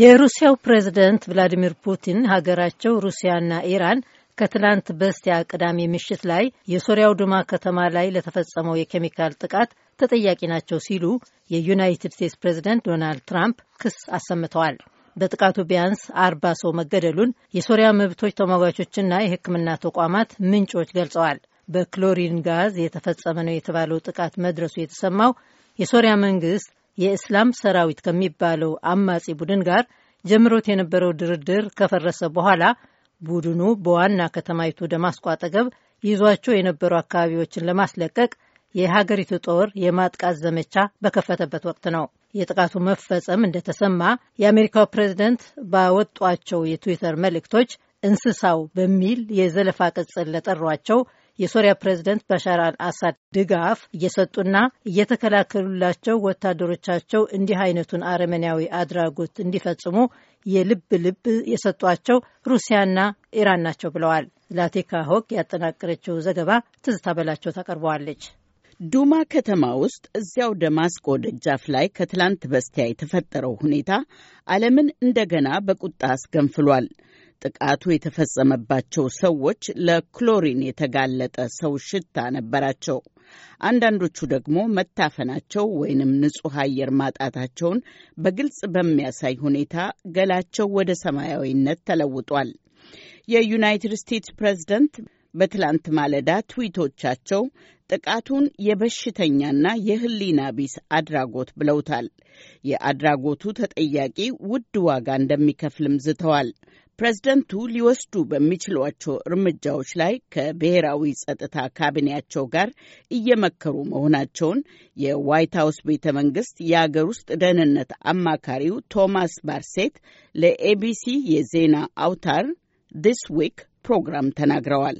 የሩሲያው ፕሬዝደንት ቭላዲሚር ፑቲን ሀገራቸው ሩሲያና ኢራን ከትላንት በስቲያ ቅዳሜ ምሽት ላይ የሶሪያው ዱማ ከተማ ላይ ለተፈጸመው የኬሚካል ጥቃት ተጠያቂ ናቸው ሲሉ የዩናይትድ ስቴትስ ፕሬዝደንት ዶናልድ ትራምፕ ክስ አሰምተዋል። በጥቃቱ ቢያንስ አርባ ሰው መገደሉን የሶሪያ መብቶች ተሟጋቾችና የሕክምና ተቋማት ምንጮች ገልጸዋል። በክሎሪን ጋዝ የተፈጸመ ነው የተባለው ጥቃት መድረሱ የተሰማው የሶሪያ መንግስት የእስላም ሰራዊት ከሚባለው አማጺ ቡድን ጋር ጀምሮት የነበረው ድርድር ከፈረሰ በኋላ ቡድኑ በዋና ከተማይቱ ደማስቆ አጠገብ ይዟቸው የነበሩ አካባቢዎችን ለማስለቀቅ የሀገሪቱ ጦር የማጥቃት ዘመቻ በከፈተበት ወቅት ነው። የጥቃቱ መፈጸም እንደተሰማ የአሜሪካው ፕሬዚደንት ባወጧቸው የትዊተር መልእክቶች እንስሳው በሚል የዘለፋ ቅጽል ለጠሯቸው የሶሪያ ፕሬዝደንት ባሻር አልአሳድ ድጋፍ እየሰጡና እየተከላከሉላቸው ወታደሮቻቸው እንዲህ አይነቱን አረመኔያዊ አድራጎት እንዲፈጽሙ የልብ ልብ የሰጧቸው ሩሲያና ኢራን ናቸው ብለዋል። ላቲካ ሆክ ያጠናቀረችው ዘገባ ትዝታ በላቸው ታቀርበዋለች። ዱማ ከተማ ውስጥ እዚያው ደማስቆ ደጃፍ ላይ ከትላንት በስቲያ የተፈጠረው ሁኔታ ዓለምን እንደገና በቁጣ አስገንፍሏል። ጥቃቱ የተፈጸመባቸው ሰዎች ለክሎሪን የተጋለጠ ሰው ሽታ ነበራቸው። አንዳንዶቹ ደግሞ መታፈናቸው ወይንም ንጹሕ አየር ማጣታቸውን በግልጽ በሚያሳይ ሁኔታ ገላቸው ወደ ሰማያዊነት ተለውጧል። የዩናይትድ ስቴትስ ፕሬዝደንት በትላንት ማለዳ ትዊቶቻቸው ጥቃቱን የበሽተኛና የሕሊና ቢስ አድራጎት ብለውታል። የአድራጎቱ ተጠያቂ ውድ ዋጋ እንደሚከፍልም ዝተዋል። ፕሬዝደንቱ ሊወስዱ በሚችሏቸው እርምጃዎች ላይ ከብሔራዊ ጸጥታ ካቢኔያቸው ጋር እየመከሩ መሆናቸውን የዋይት ሀውስ ቤተ መንግስት የአገር ውስጥ ደህንነት አማካሪው ቶማስ ባርሴት ለኤቢሲ የዜና አውታር ዲስ ዊክ ፕሮግራም ተናግረዋል።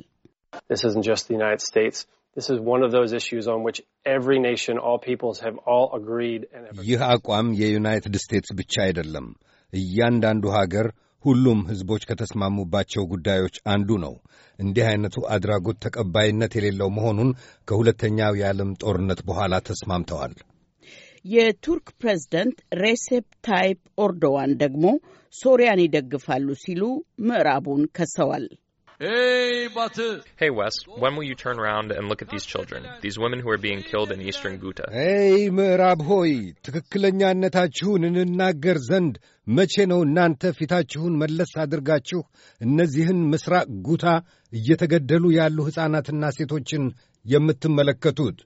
ይህ አቋም የዩናይትድ ስቴትስ ብቻ አይደለም። እያንዳንዱ ሀገር ሁሉም ሕዝቦች ከተስማሙባቸው ጉዳዮች አንዱ ነው። እንዲህ አይነቱ አድራጎት ተቀባይነት የሌለው መሆኑን ከሁለተኛው የዓለም ጦርነት በኋላ ተስማምተዋል። የቱርክ ፕሬዝደንት ሬሴፕ ታይፕ ኦርዶዋን ደግሞ ሶሪያን ይደግፋሉ ሲሉ ምዕራቡን ከሰዋል። Hey, Wes, when will you turn around and look at these children, these women who are being killed in eastern Ghouta? Hey, ምዕራብ ሆይ ትክክለኛነታችሁን እንናገር ዘንድ መቼ ነው እናንተ ፊታችሁን መለስ አድርጋችሁ እነዚህን ምስራቅ ጉታ እየተገደሉ ያሉ ሕፃናትና ሴቶችን የምትመለከቱት?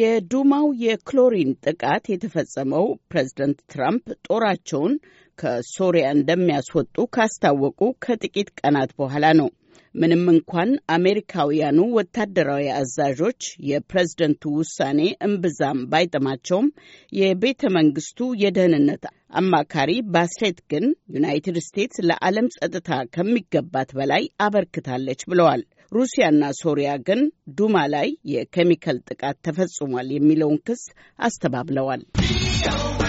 የዱማው የክሎሪን ጥቃት የተፈጸመው ፕሬዝደንት ትራምፕ ጦራቸውን ከሶሪያ እንደሚያስወጡ ካስታወቁ ከጥቂት ቀናት በኋላ ነው። ምንም እንኳን አሜሪካውያኑ ወታደራዊ አዛዦች የፕሬዝደንቱ ውሳኔ እምብዛም ባይጥማቸውም የቤተ መንግስቱ የደህንነት አማካሪ ባሴት ግን ዩናይትድ ስቴትስ ለዓለም ጸጥታ ከሚገባት በላይ አበርክታለች ብለዋል። ሩሲያና ሶሪያ ግን ዱማ ላይ የኬሚካል ጥቃት ተፈጽሟል የሚለውን ክስ አስተባብለዋል።